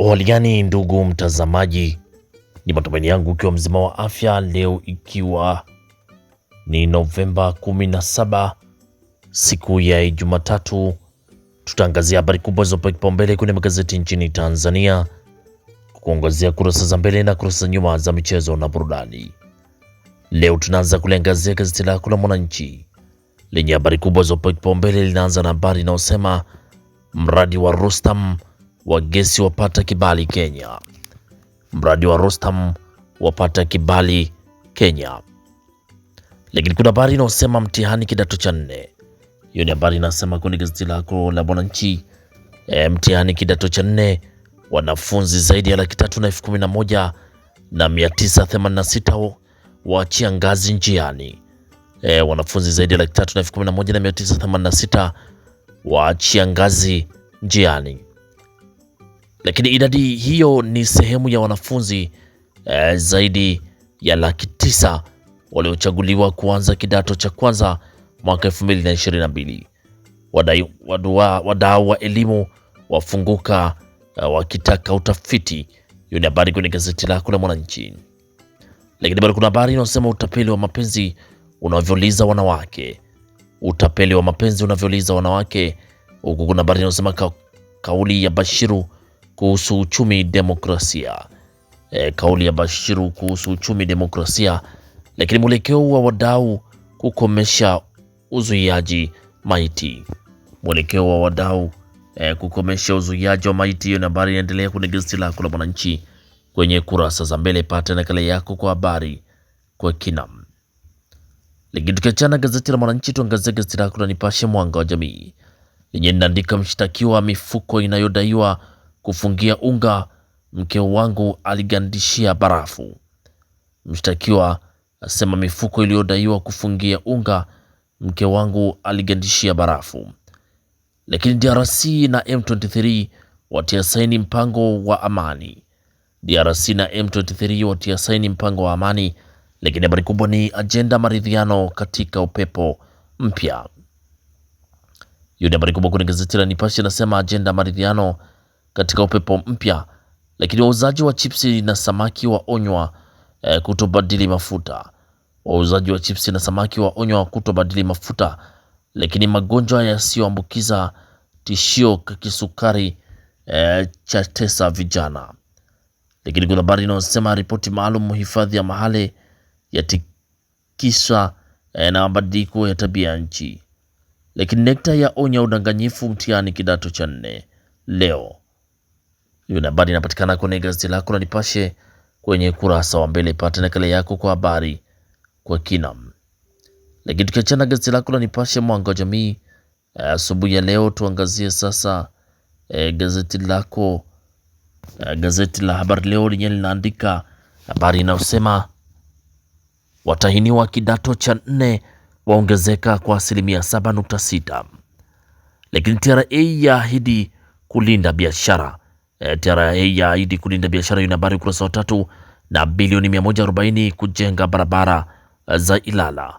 Uhaligani ndugu mtazamaji, ni matumaini yangu ukiwa mzima wa afya leo, ikiwa ni Novemba 17 siku ya Jumatatu, tutaangazia habari kubwa zilizopewa kipaumbele kwenye magazeti nchini Tanzania, kuongozia kurasa za mbele na kurasa za nyuma za michezo na burudani. Leo tunaanza kuliangazia gazeti lako la Mwananchi lenye habari kubwa zilizopewa kipaumbele, linaanza na habari inayosema mradi wa Rustam wa gesi wapata kibali Kenya. Mradi wa Rostam wapata kibali Kenya. Lakini kuna habari inayosema mtihani kidato cha nne. Hiyo ni habari inasema kwenye gazeti lako la Mwananchi. E, mtihani kidato cha nne wanafunzi zaidi ya laki tatu na elfu kumi na moja na mia tisa themanini na sita waachia ngazi njiani. E, wanafunzi zaidi ya laki tatu na elfu kumi na moja na mia tisa themanini na sita waachia ngazi njiani lakini idadi hiyo ni sehemu ya wanafunzi eh, zaidi ya laki tisa waliochaguliwa kuanza kidato cha kwanza mwaka 2022. Wadau wa elimu wafunguka uh, wakitaka utafiti. Hiyo ni habari kwenye gazeti lako la Mwananchi, lakini bado kuna habari inayosema utapeli wa mapenzi unavyoliza wanawake, utapeli wa mapenzi unavyoliza wanawake, huku kuna habari inayosema ka, kauli ya Bashiru kuhusu uchumi demokrasia. E, kauli ya Bashiru kuhusu uchumi demokrasia, lakini mwelekeo wa wadau kukomesha uzuiaji maiti. Mwelekeo wa wadau e, kukomesha uzuiaji wa maiti. Hiyo habari inaendelea kwenye gazeti lako la Mwananchi kwenye kurasa za mbele, pata nakala yako kwa habari kwa kina. Lakini tukiachana gazeti la Mwananchi, tuangazie gazeti lako la Nipashe mwanga wa jamii lenye linaandika mshtakiwa mifuko inayodaiwa kufungia unga, mke wangu aligandishia barafu. Mshtakiwa asema mifuko iliyodaiwa kufungia unga, mke wangu aligandishia barafu. Lakini DRC na M23 watia saini mpango wa amani. DRC na M23 watia saini mpango wa amani, lakini habari kubwa ni ajenda maridhiano katika upepo mpya. Hiyo ni habari kubwa kwenye gazeti la Nipashe, inasema ajenda maridhiano katika upepo mpya, lakini wauzaji wa chipsi na samaki waonywa eh, kutobadili mafuta. Wauzaji wa chipsi na samaki waonywa kutobadili mafuta, lakini magonjwa yasiyoambukiza tishio kisukari eh, cha tesa vijana. Lakini kuna habari inayosema ripoti maalum hifadhi ya Mahale yatikiswa eh, na mabadiliko ya tabia ya nchi. Lakini ya onya udanganyifu mtihani kidato cha nne leo. Hiyo habari inapatikana kwenye gazeti lako la Nipashe kwenye kurasa wa mbele, pata nakala yako kwa habari kwa kina. Lakini tukiachana gazeti lako la Nipashe mwanga wa jamii eh, asubuhi ya leo, tuangazie sasa e, gazeti lako e, gazeti la habari leo lenye linaandika habari inayosema watahiniwa kidato cha nne waongezeka kwa asilimia saba nukta sita lakini TRA yaahidi kulinda biashara E, eh, TRA yaahidi kulinda biashara. Hiyo ni habari ukurasa wa tatu. Na bilioni 140 kujenga barabara eh, za Ilala,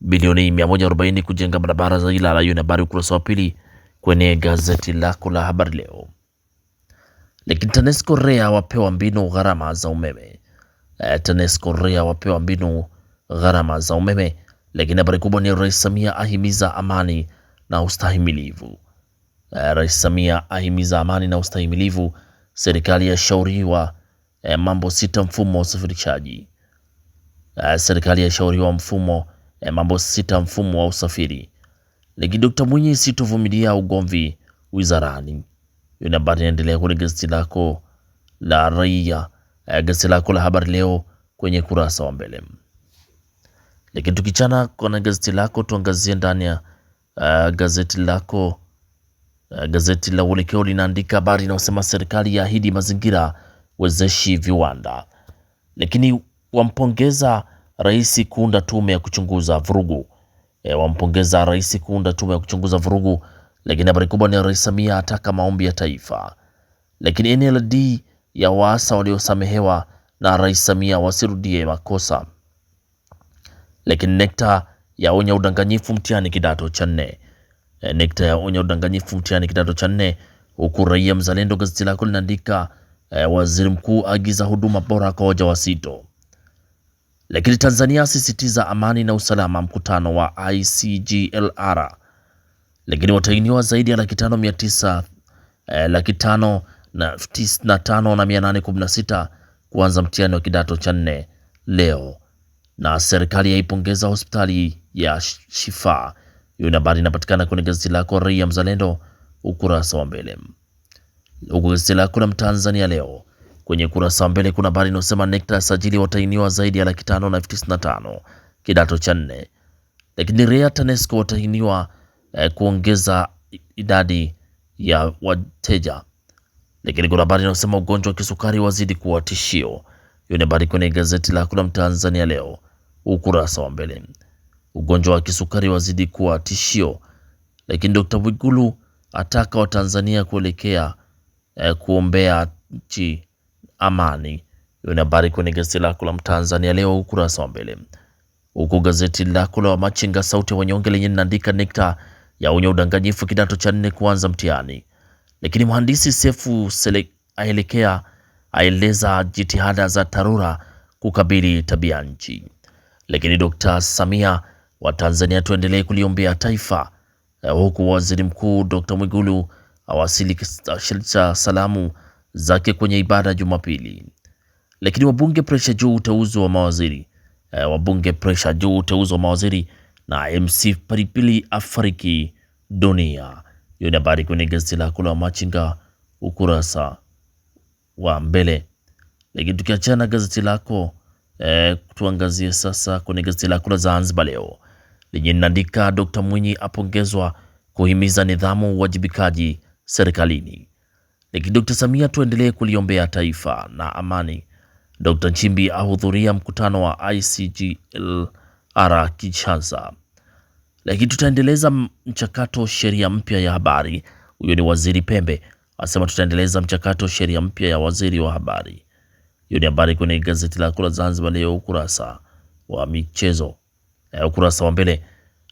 bilioni 140 kujenga barabara za Ilala. Hiyo ni habari ukurasa wa pili kwenye gazeti lako la habari leo. Lakini TANESCO REA wapewa mbinu gharama za umeme. E, TANESCO REA wapewa mbinu gharama za umeme. Lakini habari kubwa ni Rais Samia ahimiza amani na ustahimilivu. Eh, Rais Samia ahimiza amani na ustahimilivu. Serikali yashauriwa e, mambo sita mfumo wa usafirishaji. E, serikali yashauriwa mfumo e, mambo sita mfumo wa usafiri. Lakini Dkt. Mwinyi sitovumilia ugomvi wizarani. Hiyo ni habari inaendelea kwenye gazeti lako la Raia, e, gazeti lako la Habari Leo kwenye kurasa wa mbele. Lakini tukichana kwa gazeti lako tuangazie ndani ya uh, gazeti lako Eh, gazeti la Uelekeo linaandika habari inayosema serikali yaahidi mazingira wezeshi viwanda, lakini wampongeza rais kuunda tume ya kuchunguza vurugu. E, wampongeza rais kuunda tume ya kuchunguza vurugu, lakini habari kubwa ni Rais Samia ataka maombi ya taifa, lakini NLD ya waasa waliosamehewa na Rais Samia wasirudie makosa, lakini NECTA yaonya udanganyifu mtihani kidato cha nne. Eh, NECTA yaonya udanganyifu mtihani kidato cha nne, huku Raia Mzalendo gazeti lako linaandika e, waziri mkuu agiza huduma bora kwa wajawazito. Lakini Tanzania asisitiza amani na usalama mkutano wa ICGLR. Lakini watainiwa zaidi ya laki tano mia tisa e, laki tano na tisini tano na mia nane kumi na sita kuanza mtihani wa kidato cha nne leo, na serikali yaipongeza hospitali ya Shifa hiyo ni habari inapatikana kwenye gazeti lako Raia Mzalendo ukurasa wa mbele, Huko gazeti lako la Mtanzania leo kwenye kurasa wa mbele kuna habari inayosema NECTA sajili watainiwa zaidi ya laki tano na elfu tisini na tano kidato cha nne, lakini REA TANESCO watainiwa eh, kuongeza idadi ya wateja. Lakini kuna habari inayosema ugonjwa wa kisukari wazidi kuwa tishio. Hiyo ni habari kwenye gazeti lako la Mtanzania leo ukurasa wa mbele ugonjwa wa kisukari wazidi kuwa tishio, lakini Dr. Mwigulu ataka Watanzania kuelekea eh, kuombea nchi amani. Hiyo ni habari kwenye gazeti lako la Mtanzania leo ukurasa wa mbele, huku gazeti lako la Machinga sauti ya wanyonge lenye linaandika ya yaonya udanganyifu kidato cha nne kuanza mtihani, lakini mhandisi Sefu aelekea aeleza jitihada za TARURA kukabili tabia nchi, lakini Dr. Samia Watanzania tuendelee kuliombea taifa, eh, huku waziri mkuu Dr. Mwigulu awasili awasilisha salamu zake kwenye ibada Jumapili. Lakini wabunge presha juu uteuzi wa mawaziri eh, wabunge presha juu uteuzi wa mawaziri na MC Paripili afariki dunia. Hiyo ni habari kwenye gazeti lako la Machinga ukurasa wa mbele. Lakini tukiachana gazeti lako E, tuangazie sasa kwenye gazeti la kura Zanzibar leo lenye linaandika Dr. Mwinyi apongezwa kuhimiza nidhamu, uwajibikaji serikalini. Dr. Samia tuendelee kuliombea taifa na amani. Dr. Nchimbi ahudhuria mkutano wa ICGLR Kinshasa. Lakini tutaendeleza mchakato sheria mpya ya habari. Huyo ni Waziri Pembe asema tutaendeleza mchakato sheria mpya ya waziri wa habari. Hiyo ni habari kwenye gazeti lako la Zanzibar Leo ukurasa wa michezo eh, ukurasa wa mbele.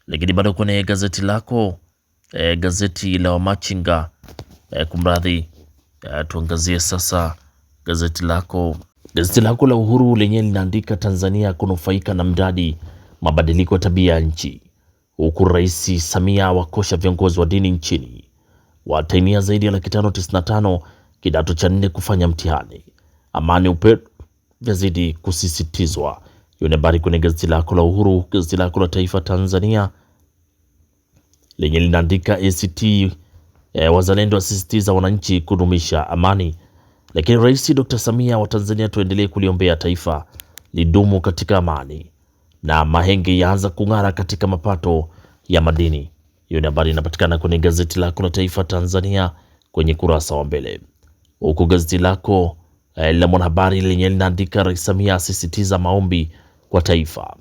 Lakini bado kwenye gazeti lako eh, gazeti la Wamachinga eh, kumradhi eh, tuangazie sasa gazeti lako gazeti lako la Uhuru lenye linaandika Tanzania kunufaika na mradi mabadiliko ya tabia ya nchi, huku Rais Samia wakosha viongozi wa dini nchini, watainia zaidi ya laki tano tisini na tano kidato cha nne kufanya mtihani amani upendo yazidi kusisitizwa. Hiyo ni habari kwenye gazeti lako la Uhuru. Gazeti lako la Taifa Tanzania lenye linaandika ACT e, eh, wazalendo wasisitiza wananchi kudumisha amani. Lakini Rais Dr. Samia wa Tanzania, tuendelee kuliombea taifa lidumu katika amani, na Mahenge yaanza kung'ara katika mapato ya madini. Hiyo ni habari inapatikana kwenye gazeti lako la Taifa Tanzania kwenye kurasa wa mbele, huku gazeti lako Eh, la Mwanahabari lenye linaandika Rais Samia asisitiza maombi kwa taifa,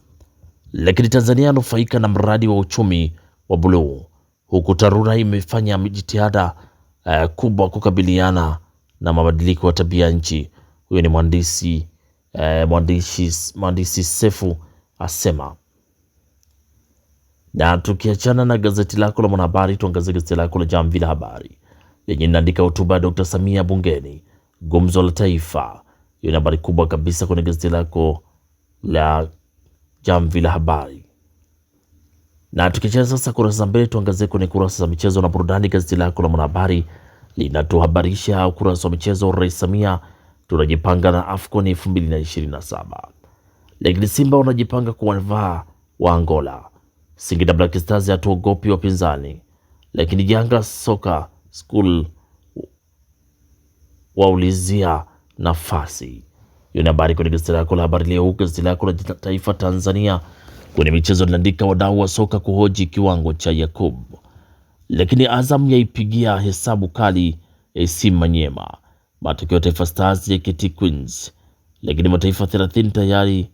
lakini Tanzania yanufaika na mradi wa uchumi wa buluu, huku TARURA imefanya jitihada uh, kubwa kukabiliana na mabadiliko ya tabia nchi. Huyo ni mwandishi uh, mwandishi mwandishi Sefu asema. Na tukiachana na gazeti lako la Mwanahabari, tuangazie gazeti lako la Jamvi la Habari lenye linaandika hotuba ya Dr. Samia bungeni Gumzo la Taifa. Hiyo ni habari kubwa kabisa kwenye gazeti lako la Jamvi la Habari. Na tukichea sasa kurasa za mbele, tuangazie kwenye kurasa za michezo na burudani. Gazeti lako la Mwanahabari linatuhabarisha ukurasa wa michezo, Rais Samia tunajipanga na AFCON 2027 lakini Simba wanajipanga kuwavaa wa Angola. Singida Black Stars hatuogopi wapinzani, lakini Yanga soka school waulizia nafasi. Hiyo ni habari kwenye gazeti lako la Habari Leo, gazeti lako la Taifa Tanzania. Kwenye michezo linaandika wadau wa soka kuhoji kiwango cha Yakub, lakini Azam yaipigia hesabu kali ya eh, Simba Nyema, matokeo Taifa Stars ya KT Queens, lakini mataifa 30 tayari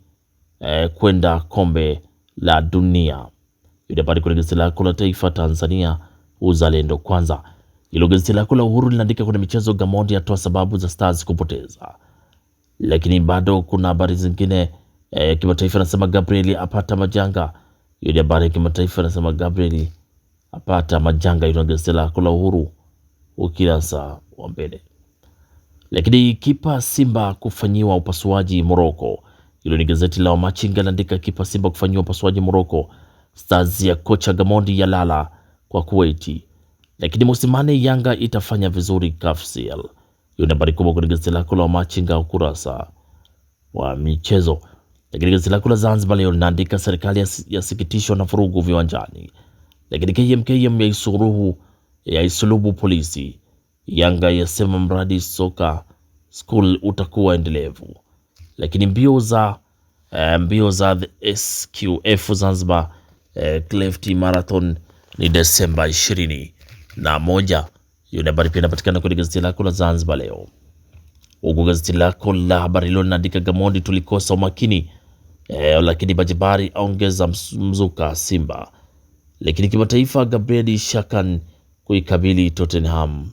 eh, kwenda kombe la dunia. Hiyo ni habari kwenye gazeti lako la Taifa Tanzania, uzalendo kwanza. Hilo gazeti lako la Uhuru linaandika kwenye michezo, Gamondi atoa sababu za Stars kupoteza, lakini bado kuna habari zingine e, kimataifa. Anasema Gabriel apata majanga. Hiyo ni habari ya kimataifa, anasema Gabriel apata majanga. Hilo gazeti lako la Uhuru ukurasa wa mbele. Lakini kipa Simba kufanyiwa upasuaji Moroko. Hilo ni gazeti la Wamachinga linaandika kipa Simba kufanyiwa upasuaji Moroko. Stars ya kocha Gamondi yalala kwa Kuwaiti lakini usimane Yanga itafanya vizuri KCL. Hiyo ni habari kubwa kwenye gazeti lako la Machinga ukurasa wa michezo. Lakini gazeti lako la Zanzibar leo linaandika serikali yasikitishwa na furugu viwanjani, lakini KMKM yaisuruhu yaisulubu polisi. Yanga yasema mradi soka school utakuwa endelevu. Lakini mbio za eh, mbio za the SQF Zanzibar eh, Cleft Marathon ni Desemba ishirini na moja. Hiyo ni habari pia inapatikana kwenye gazeti lako la Zanzibar Leo, huku gazeti lako la habari leo linaandika Gamondi tulikosa umakini e, lakini Bajibari aongeza mzuka Simba. Lakini kimataifa Gabriel Shakan kuikabili Tottenham.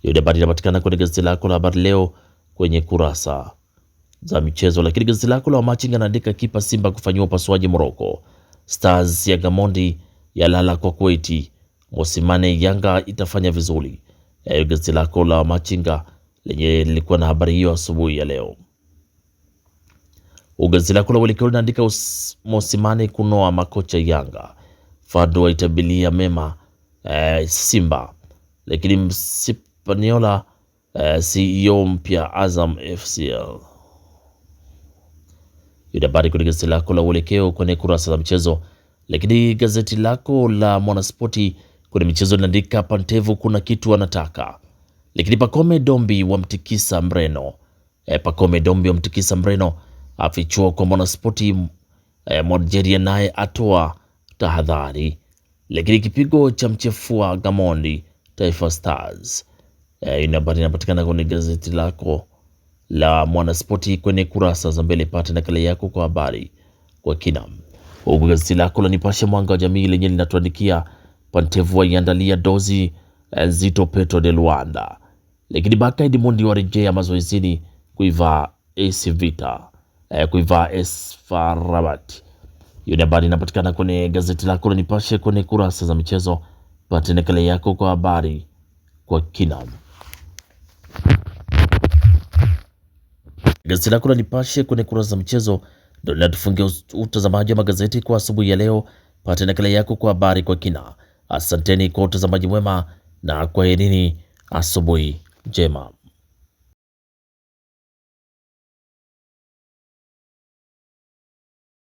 Hiyo ni habari inapatikana kwenye gazeti lako la habari leo kwenye kurasa za michezo. Lakini gazeti lako la Wamachinga naandika kipa Simba kufanyiwa upasuaji Moroko. Stars ya Gamondi yalala kwa kweti Mosimane Yanga itafanya vizuri. Yayo gazeti lako la Machinga lenye lilikuwa na habari hiyo asubuhi ya leo. Gazeti lako la Uelekeo linaandika Mosimane kunoa makocha Yanga, Fadlu aitabilia mema eh, Simba, lakini Msipaniola eh, CEO mpya Azam FCL. habari kwenye gazeti lako la Uelekeo kwenye kurasa za mchezo. Lakini gazeti lako la Mwanaspoti kwenye michezo linaandika Pantevu kuna kitu anataka, lakini Pakome Dombi wamtikisa Mreno. E, Pakome Dombi wamtikisa Mreno afichua kwa Mwanaspoti. E, eh, Mwalgeria naye atoa tahadhari, lakini kipigo cha mchefua Gamondi Taifa Stars. E, eh, ina habari inapatikana kwenye gazeti lako la Mwanaspoti kwenye kurasa za mbele. Pata nakala yako kwa habari kwa kina. Gazeti lako la Nipashe mwanga wa jamii lenye linatuandikia Pantevu waiandalia dozi eh, nzito Petro de Luanda, lakini Baka Edmond warejea mazoezini kuivaa AS Vita eh, kuivaa AS Rabat. Hiyo ni habari inapatikana kwenye gazeti lako la Nipashe kwenye kurasa za michezo. Pate nakala yako kwa habari kwa kina. Gazeti lako la Nipashe kwenye kurasa za michezo ndio linatufungia utazamaji wa magazeti kwa asubuhi ya leo. pate nakala yako kwa habari kwa kina. Asanteni kwa utazamaji mwema na kwaherini, asubuhi njema.